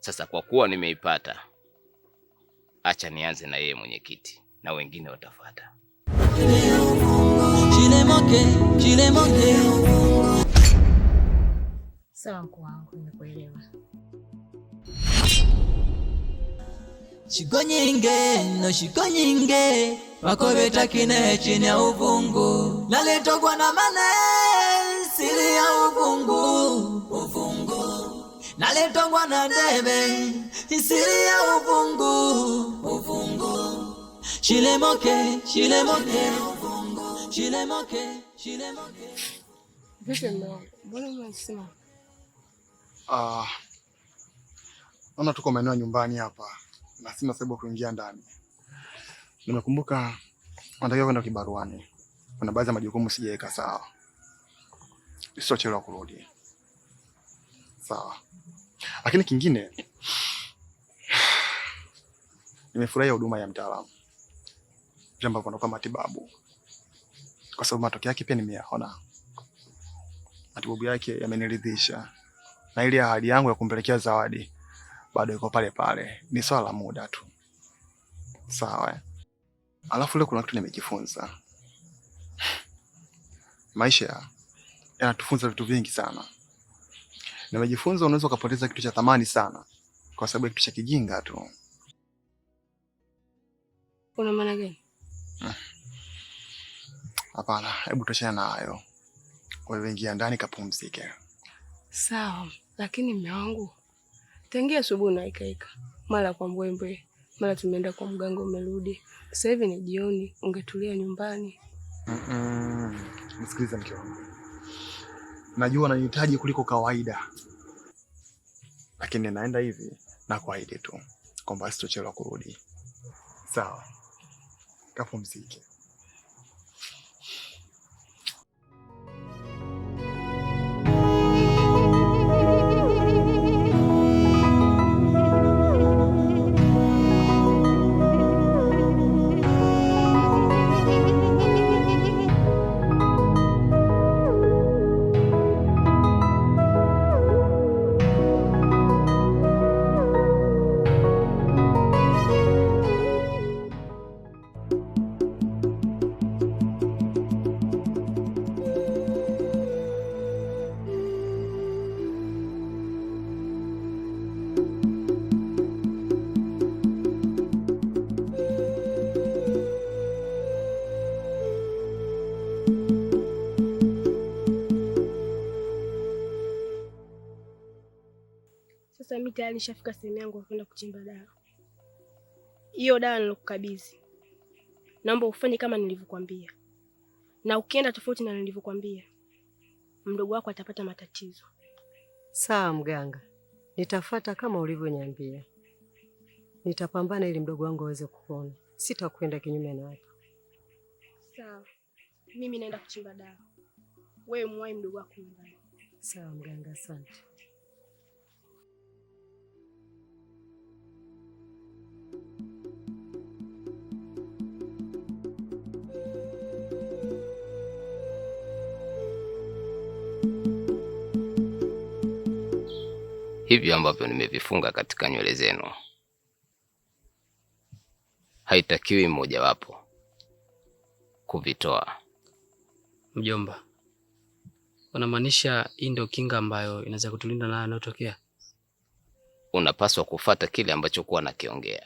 Sasa kwa kuwa nimeipata, acha nianze na yeye mwenyekiti na wengine watafuata. Sawa mkuu wangu, nimekuelewa. Shiko nyinge no shiko nyinge wakobeta kine chini ya uvungu naletogwa na mane siri ya uvungu uvungu naletongwa na ndebe isiri ya uvungu uvungu shilemoke shilemoke uvungu shilemoke shilemoke vipi ah naona tuko maeneo nyumbani hapa na sina sababu kuingia ndani nimekumbuka natakiwa kwenda kibaruani kuna baadhi ya majukumu sijaweka sawa isichelewa kurudi sawa lakini kingine nimefurahia huduma ya mtaalamu ambavyo anatoa matibabu, kwa sababu matokeo yake pia nimeyaona, matibabu yake yameniridhisha, na ile ahadi yangu ya kumpelekea zawadi bado iko pale pale, ni swala la muda tu. Sawa. Alafu leo kuna kitu nimejifunza, maisha yanatufunza vitu vingi sana nimejifunza unaweza ukapoteza kitu cha thamani sana kwa sababu ya kitu cha kijinga tu. Una maana gani? Hmm. Hapana, hebu tuachane na hayo. Wewe ingia ndani kapumzike. Sawa, lakini mume wangu tangia asubuhi na ikaika, mara kwa mbwembwe, mara tumeenda kwa mganga umerudi, sasa hivi ni jioni, ungetulia nyumbani. Mm -mm. Nisikilize mke wangu najua nanihitaji kuliko kawaida, lakini naenda hivi na kuahidi tu kwamba sitochelewa kurudi. Sawa, kapumzike. tayari nishafika sehemu yangu ya kwenda kuchimba dawa. Hiyo dawa nilokukabidhi, naomba ufanye kama nilivyokuambia, na ukienda tofauti na nilivyokuambia, mdogo wako atapata matatizo. Sawa mganga, nitafata kama ulivyoniambia. Nitapambana ili mdogo wangu aweze kupona, sitakwenda kinyume na hapo. Sawa, mimi naenda kuchimba dawa, wewe mwai mdogo wako nyumbani. Sawa mganga, asante. hivyo ambavyo nimevifunga katika nywele zenu. Haitakiwi mmojawapo kuvitoa. Mjomba, unamaanisha hii ndio kinga ambayo inaweza kutulinda na yanayotokea? Unapaswa kufata kile ambacho kuwa nakiongea,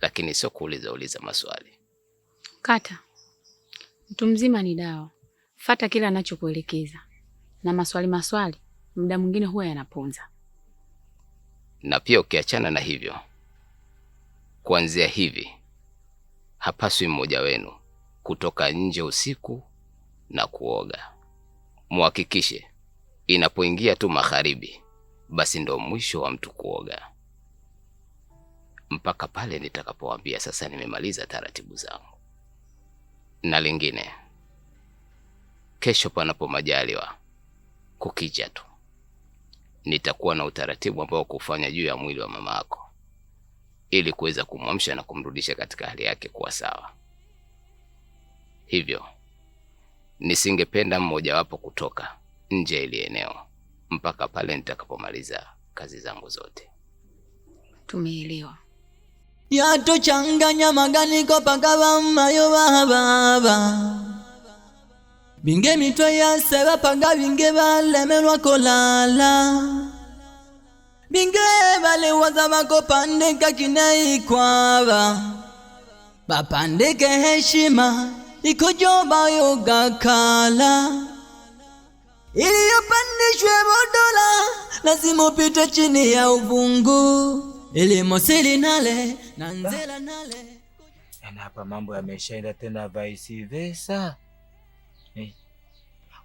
lakini sio kuuliza uliza maswali. Kata, mtu mzima ni dawa. Fata kile anachokuelekeza na maswali maswali muda mwingine huwa yanaponza. Na pia ukiachana na hivyo, kuanzia hivi hapaswi mmoja wenu kutoka nje usiku na kuoga. Muhakikishe inapoingia tu magharibi, basi ndo mwisho wa mtu kuoga mpaka pale nitakapowaambia sasa nimemaliza taratibu zangu. Na lingine, kesho panapo majaliwa, kukicha tu nitakuwa na utaratibu ambao kufanya juu ya mwili wa mama yako ili kuweza kumwamsha na kumrudisha katika hali yake kuwa sawa. Hivyo nisingependa mmojawapo kutoka nje ili eneo mpaka pale nitakapomaliza kazi zangu zote. Tumeelewa. yatochanganya maganiko pakava mayo binge mitwe yanse bapanga binge balemerwa kolala binge balewaza bakopandika kinai kwaba bapandeke heshima ikojobayogakala yogakala iliyopandishwe bodola lazima upite chini ya uvungu ili mosili nale na nzela nale. Hapa mambo yameshaenda tena vice versa eh?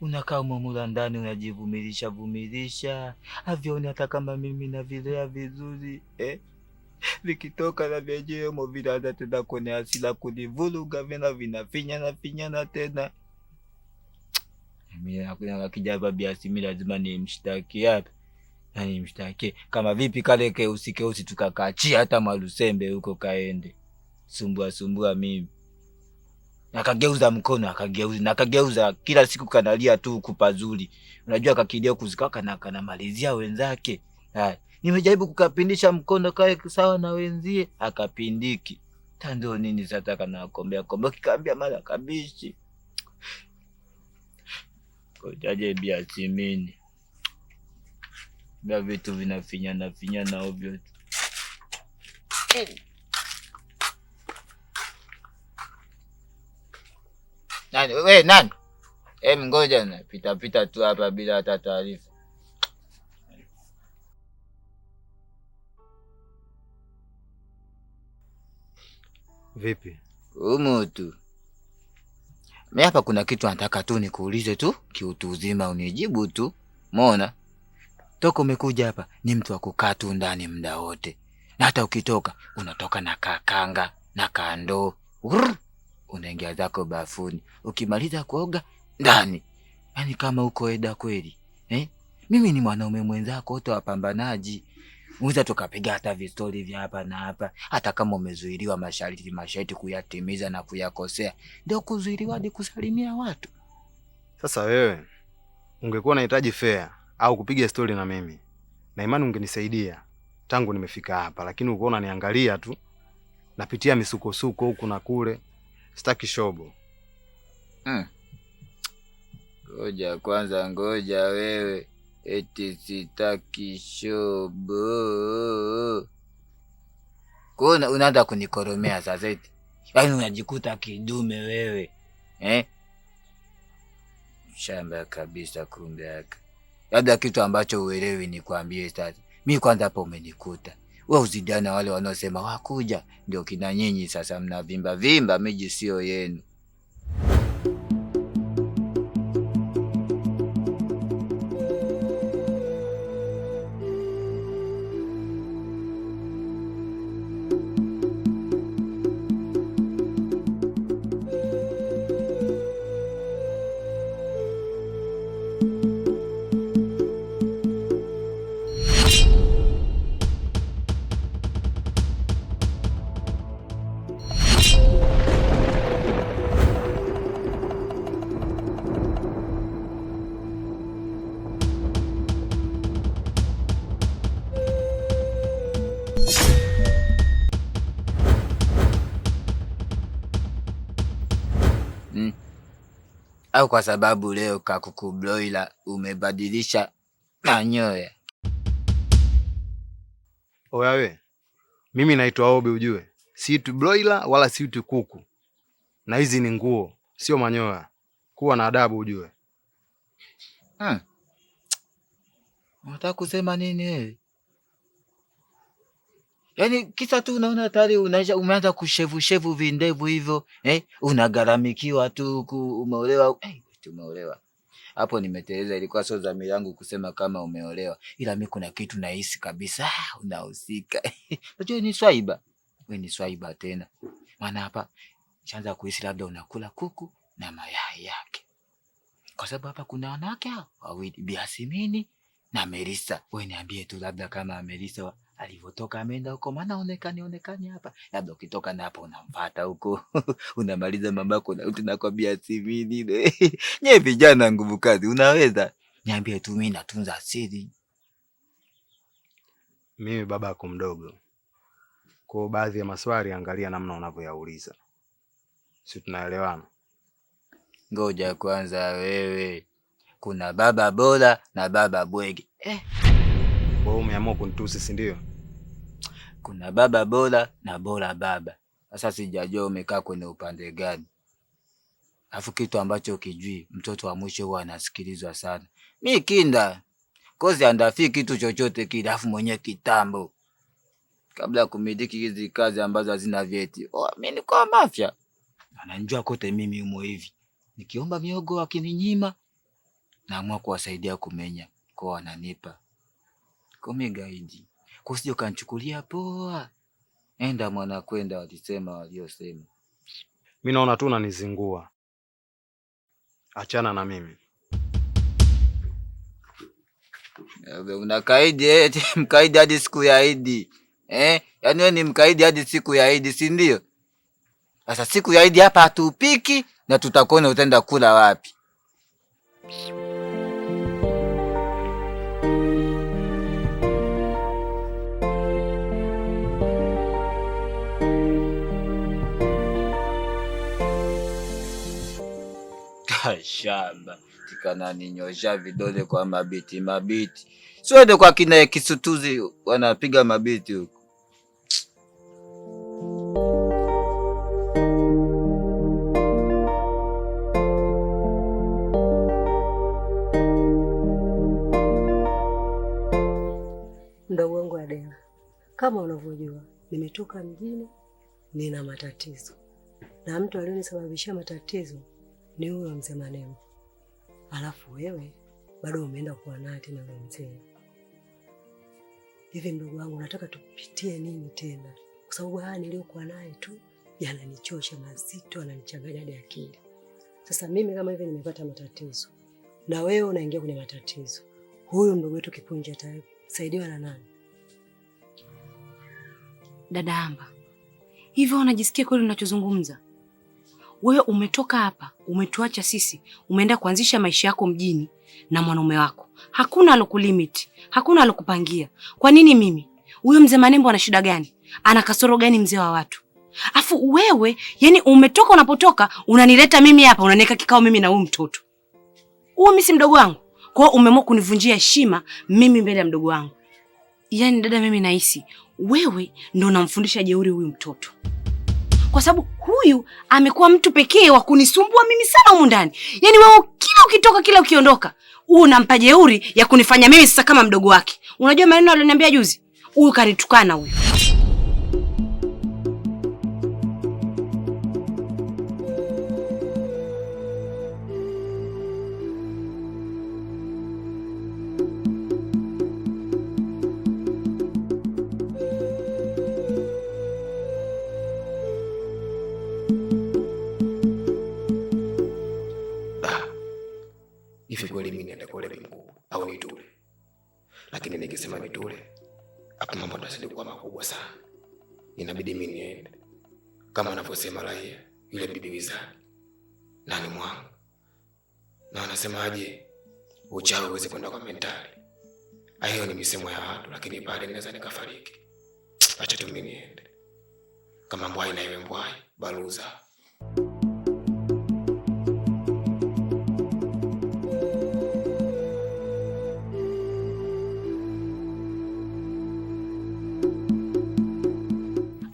Unakaa mumula ndani unajivumilisha vumilisha, avyoni hata kama mimi na vilea vizuri eh? Vikitoka na vyejeemo vinaanza tena kwenye asila kunivuruga vena vinafinyana finyana tena Biasimi lazima nimshtaki hapa na nimshtaki kama vipi, kale keusi keusi tukakaachia hata malusembe huko kaende sumbua sumbua mimi akageuza mkono akageuza na akageuza, kila siku kanalia tu kupazuri, unajua kakilia kuzikaka na kanamalizia wenzake. Haya, nimejaribu kukapindisha mkono kae sawa na wenzie, akapindiki tando nini sasa, kanakombea kombea kikaambia mara kabishi kojaje bia simini vitu vinafinyana finyana ovyo tu. Nani we nani? Em, ngoja napita pita tu hapa bila hata taarifa. Vipi? Umu tu. Mimi hapa kuna kitu nataka tu nikuulize tu kiutu uzima unijibu tu. mona Toka umekuja hapa ni mtu wa kukaa tu ndani muda wote. Na hata ukitoka unatoka na kakanga na kandoo unaingia zako bafuni, ukimaliza kuoga ndani. yani kama uko eda kweli eh? Mimi ni mwanaume mwenzako, wote wapambanaji Uza tukapiga hata vistori vya hapa na hapa, hata kama umezuiliwa masharti masharti kuyatimiza na kuyakosea ndio kuzuiliwa hadi kusalimia watu. Sasa wewe ungekuwa unahitaji fea au kupiga stori na mimi, na imani ungenisaidia tangu nimefika hapa, lakini ukuona niangalia tu, napitia misukosuko huku na kule sitaki shobo. Mm. Ngoja kwanza, ngoja wewe, eti sitaki shobo. Kwa unaanza kunikoromea sasa eti, yaani unajikuta kidume wewe eh? Shamba kabisa, kumbe yake labda kitu ambacho uelewi. Nikwambie sasa, mi kwanza hapa umenikuta we uzidana wale wanaosema wakuja, ndio kina nyinyi sasa, mnavimba vimba, miji sio yenu. au kwa sababu leo kakuku broiler umebadilisha manyoya? oyawe mimi naitwa Obi, ujue situ broiler wala tu kuku, na hizi ni nguo, sio manyoya. Kuwa na adabu ujue. Hmm, unataka kusema nini wewe? Yaani kisa tu unaona tayari unaisha umeanza kushevu shevu vindevu hivyo eh, unagaramikiwa tu huku umeolewa eh, tumeolewa. Hapo nimeteleza, ilikuwa sio dhamira yangu kusema kama umeolewa, ila mimi kuna kitu nahisi kabisa ah, unahusika. Unajua ni swaiba, wewe ni swaiba tena, maana hapa chanza kuhisi labda unakula kuku na mayai yake, kwa sababu hapa kuna wanawake hao wawili, Biasimini na Melisa. Wewe niambie tu labda kama Melisa alivyotoka ameenda huko, maana onekani onekani hapa, labda ukitoka na hapa unamfuata huko unamaliza mamako na uti nakwambia simini nye vijana nguvu kazi, unaweza niambie tu, mimi natunza siri. Mimi baba yako mdogo, kwa baadhi ya maswali angalia namna unavyoyauliza, si tunaelewana? Ngoja kwanza wewe, kuna baba bora na baba bwege eh. Wewe umeamua kunitusi, si ndio? kuna baba bora na bora baba. Sasa sijajua umekaa kwenye upande gani? Alafu kitu ambacho ukijui, mtoto wa mwisho huwa anasikilizwa sana. Mi kinda kozi andafi kitu chochote kile, alafu mwenye kitambo kabla ya kumiliki hizi kazi ambazo hazina vyeti. Oh, mi niko Mafya, ananjua kote mimi umo hivi, nikiomba miogo akininyima, naamua kuwasaidia kumenya kwao, wananipa komi gaidi kusije ukanichukulia poa. Enda mwana kwenda, walisema waliosema. Mi naona tu unanizingua, achana na mimi. Unakaidi eti eh? mkaidi hadi siku ya Idi eh? Yaani wewe ni mkaidi hadi siku ya Idi, si ndio? Sasa siku ya Idi hapa hatupiki na tutakuona utaenda kula wapi. shamba tikananinyosha vidole kwa mabiti mabiti, siende kwa kina Kisutuzi wanapiga mabiti huko. kama unavyojua nimetoka mjini, nina matatizo na mtu alionisababishia matatizo ni huyo mzee Manemo, alafu wewe bado umeenda kuwa naye tena huyo mzee. Hivi ndugu wangu, nataka tupitie nini tena? Kwa sababu haya niliyokuwa naye tu yananichosha, mazito, ananichanganya hadi akili. Sasa mimi kama hivi nimepata matatizo na wewe unaingia kwenye matatizo, huyu ndugu wetu Kipunja atasaidiwa na nani? Dada Amba, hivyo unajisikia kweli unachozungumza? wewe umetoka hapa, umetuacha sisi, umeenda kuanzisha maisha yako mjini na mwanaume wako. Hakuna alokulimit, hakuna alokupangia. Kwa nini mimi? Huyo mzee Manembo ana shida gani? Ana kasoro gani mzee wa watu? Afu wewe, yani umetoka unapotoka, unanileta mimi hapa, unaniweka kikao mimi na huyu mtoto. Huyo mimi si mdogo wangu. Kwa hiyo umeamua kunivunjia heshima mimi mbele ya mdogo wangu. Yaani dada, mimi nahisi wewe ndo unamfundisha jeuri huyu mtoto kwa sababu huyu amekuwa mtu pekee wa kunisumbua mimi sana humu ndani. Yaani wewe kila ukitoka, kila ukiondoka, unampa jeuri ya kunifanya mimi sasa kama mdogo wake. Unajua maneno aliyoniambia juzi? Huyu kanitukana huyu. inabidi mimi niende, kama anavyosema raia yule bibi Wizara nani mwangu, na anasemaje, uchawi huwezi kwenda kwa mentali. Ah, hiyo ni misemo ya watu, lakini pale naweza nikafariki. Acha tu mimi niende, kama mbwai na iwe mbwai baruza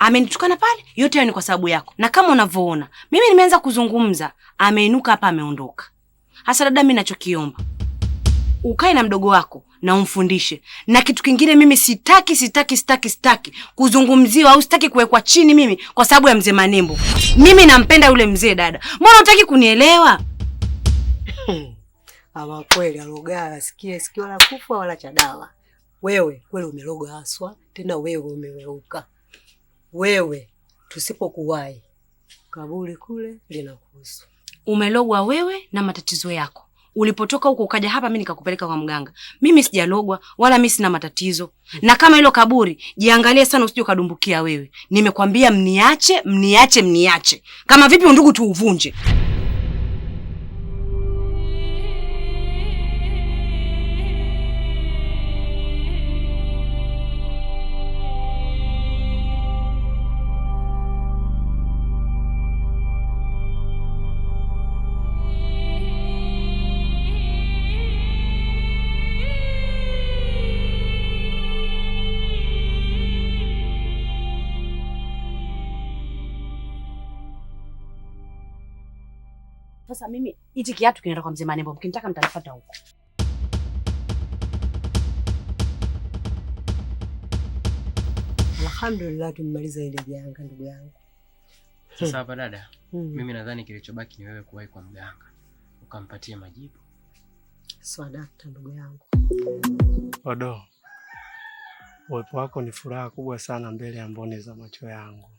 amenitukana pale, yote hayo ni kwa sababu yako. Na kama unavyoona mimi nimeanza kuzungumza, ameinuka hapa, ameondoka. Hasa dada, mimi nachokiomba ukae na mdogo wako na umfundishe. Na kitu kingine, mimi sitaki sitaki sitaki sitaki kuzungumziwa au sitaki kuwekwa chini mimi kwa sababu ya mzee Manembo. Mimi nampenda yule mzee. Dada, mbona hutaki kunielewa? Ama kweli alogaa sikie sikio la kufa wala cha dawa. Wewe kweli umeloga haswa, tena wewe umeweuka wewe, tusipokuwahi kaburi kule linakuhusu. Umelogwa wewe na matatizo yako. Ulipotoka huko ukaja hapa, mimi nikakupeleka kwa mganga. Mimi sijalogwa wala mimi sina matatizo, na kama hilo kaburi, jiangalie sana, usije ukadumbukia wewe. Nimekwambia mniache, mniache, mniache. Kama vipi undugu tuuvunje? Sasa mimi hichi kiatu kinaenda kwa mzee Manembo, mkinitaka mtanifuata huko. Alhamdulillah tumemaliza ile janga ndugu yangu. Sasa hmm. hapa dada, hmm. Mimi nadhani kilichobaki ni wewe kuwahi kwa mganga ukampatie majibu. Swadakta ndugu yangu. Odo, uwepo wako ni furaha kubwa sana mbele ya mboni za macho yangu.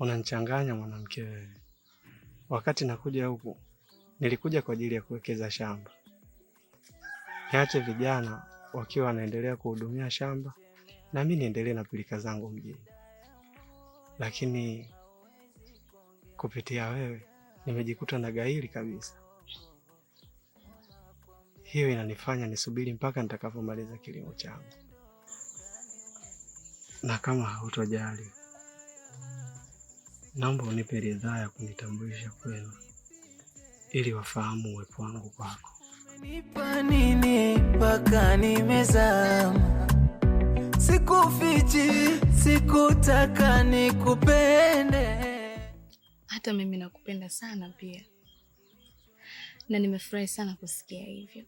Unanichanganya mwanamke wewe. Wakati nakuja huku nilikuja kwa ajili ya kuwekeza shamba, niache vijana wakiwa wanaendelea kuhudumia shamba na mimi niendelee na pilika zangu mjini, lakini kupitia wewe nimejikuta na gaili kabisa. Hiyo inanifanya nisubiri mpaka nitakapomaliza kilimo changu, na kama hautojali Naomba unipe ridhaa ya kunitambulisha kwenu ili wafahamu uwepo wangu kwako. Nipa nini mpaka nimezama, sikufichi, sikutaka nikupende. Hata mimi nakupenda sana pia, na nimefurahi sana kusikia hivyo.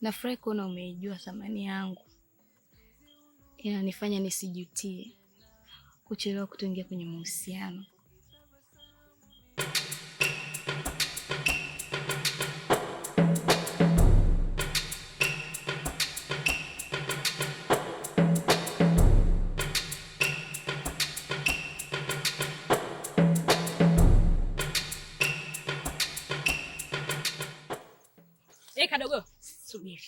Nafurahi kuona umeijua thamani yangu inanifanya nisijutie kuchelewa kutoingia kwenye mahusiano. Eh,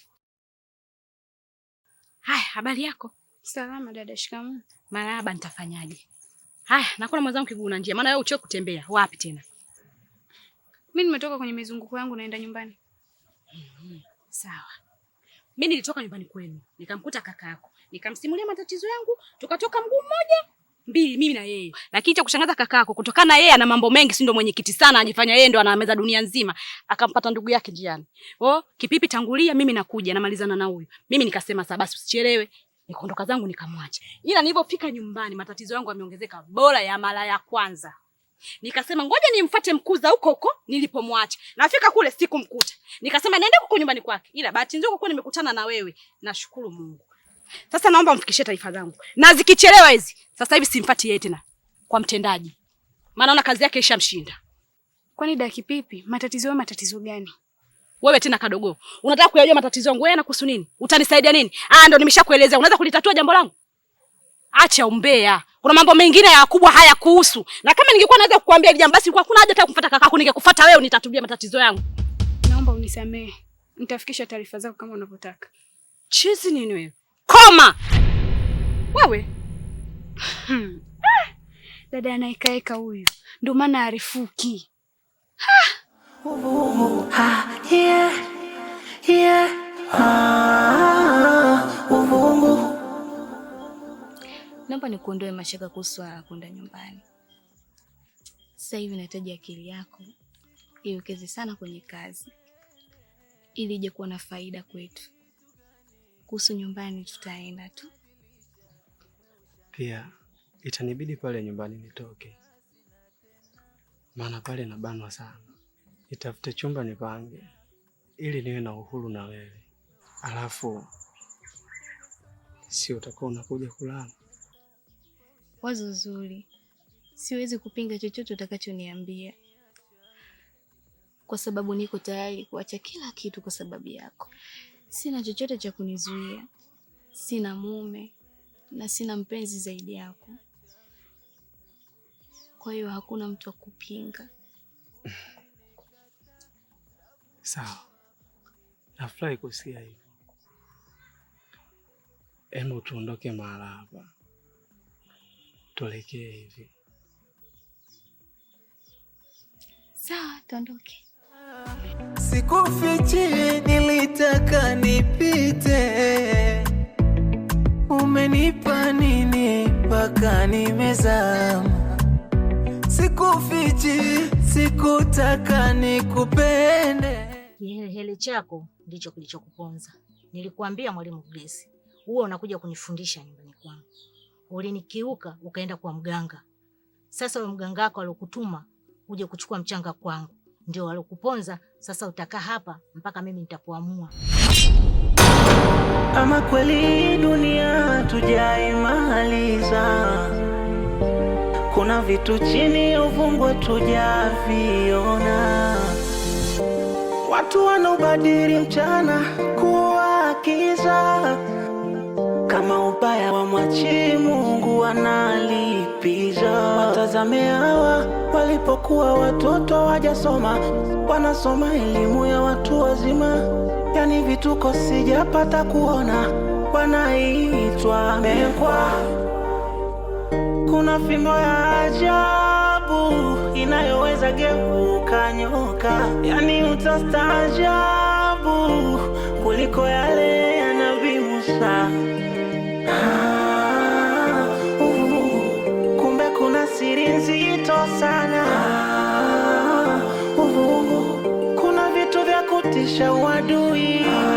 Haya, habari yako? Salama dada, shikamoo. Marahaba, nitafanyaje? Haya, nakuona mwenzangu kiguu na njia, maana wewe uchoke kutembea wapi tena? Mimi nimetoka kwenye mizunguko yangu naenda nyumbani. Mm -hmm. Sawa. Mimi nilitoka nyumbani kwenu, nikamkuta kaka yako, nikamsimulia matatizo yangu, tukatoka mguu mmoja mbili mimi na yeye. Lakini cha kushangaza kaka yako, kutokana na yeye ana mambo mengi, si ndo mwenyekiti sana, anajifanya yeye ndo anameza dunia nzima, akampata ndugu yake njiani. Oh, kipipi tangulia, mimi nakuja namalizana na huyu. Mimi nikasema sasa basi usichelewe, nikaondoka zangu nikamwacha. Ila nilipofika nyumbani matatizo yangu yameongezeka bora ya mara ya kwanza. Nikasema ngoja nimfuate mkuza huko huko nilipomwacha. Nafika kule sikumkuta. Nikasema naende huko nyumbani kwake. Ila bahati nzuri kwa nimekutana na wewe. Nashukuru Mungu. Sasa naomba mfikishie taarifa zangu. Na zikichelewa hizi, sasa hivi simfuati yeye tena kwa mtendaji. Maana naona kazi yake ishamshinda. Kwani Da Kipipi matatizo yao matatizo gani? Wewe tena kadogo, unataka kuyajua matatizo yangu wewe? na kuhusu nini? Utanisaidia nini? Ah, ndo nimeshakuelezea. Unaweza kulitatua jambo langu? Acha umbea. Kuna mambo mengine ya kubwa haya kuhusu, na kama ningekuwa naweza kukuambia hili jambo, basi kwa kuna haja hata kumfuata kakaku. Ningekufuata wewe, nitatubia matatizo yangu. Naomba unisamehe, nitafikisha taarifa zako kama unavyotaka. Chizi nini wewe? Koma wewe. Hmm. Ah! Dada anaikaeka huyu, ndio maana arifuki. Ah! Naomba nikuondoe mashaka kuhusu swala la kwenda nyumbani. Sasa hivi nahitaji akili yako iwekeze sana kwenye kazi ili ije kuwa na faida kwetu. Kuhusu nyumbani, tutaenda tu, pia itanibidi pale nyumbani nitoke, maana pale nabanwa sana nitafute chumba nipange ili niwe na uhuru na wewe, alafu sio utakuwa unakuja kulala. Wazo zuri, siwezi kupinga chochote utakachoniambia, kwa sababu niko tayari kuacha kila kitu kwa sababu yako. Sina chochote cha kunizuia, sina mume na sina mpenzi zaidi yako, kwa hiyo hakuna mtu wa kupinga Sawa, nafurahi kusikia hivyo. Hebu tuondoke mahala hapa, tuelekee hivi. Sawa, tuondoke. Sikufichi, nilitaka nipite. Umenipa nini mpaka nimezama? Sikufichi, sikutaka nikupende kihelehele chako ndicho kilichokuponza. Nilikuambia mwalimu Grace, huwa unakuja kunifundisha nyumbani kwangu, ulinikiuka ukaenda kwa mganga. Sasa wewe mganga wako alokutuma uje kuchukua mchanga kwangu ndio walokuponza. Sasa utakaa hapa mpaka mimi nitakuamua. Ama kweli dunia tujaimaliza, kuna vitu chini uvungu tujaviona watu wanaobadili mchana kuwa kiza, kama ubaya wa mwachi Mungu wanalipiza Watazame hawa walipokuwa watoto wajasoma wanasoma elimu ya watu wazima, yani vituko sijapata kuona, wanaitwa mekwa. Kuna fimbo ya ajabu sababu inayoweza geuka nyoka, yani utastaajabu kuliko yale yanaviusa Ah, uh, kumbe kuna siri nzito sana. Ah, uh, kuna vitu vya kutisha uadui.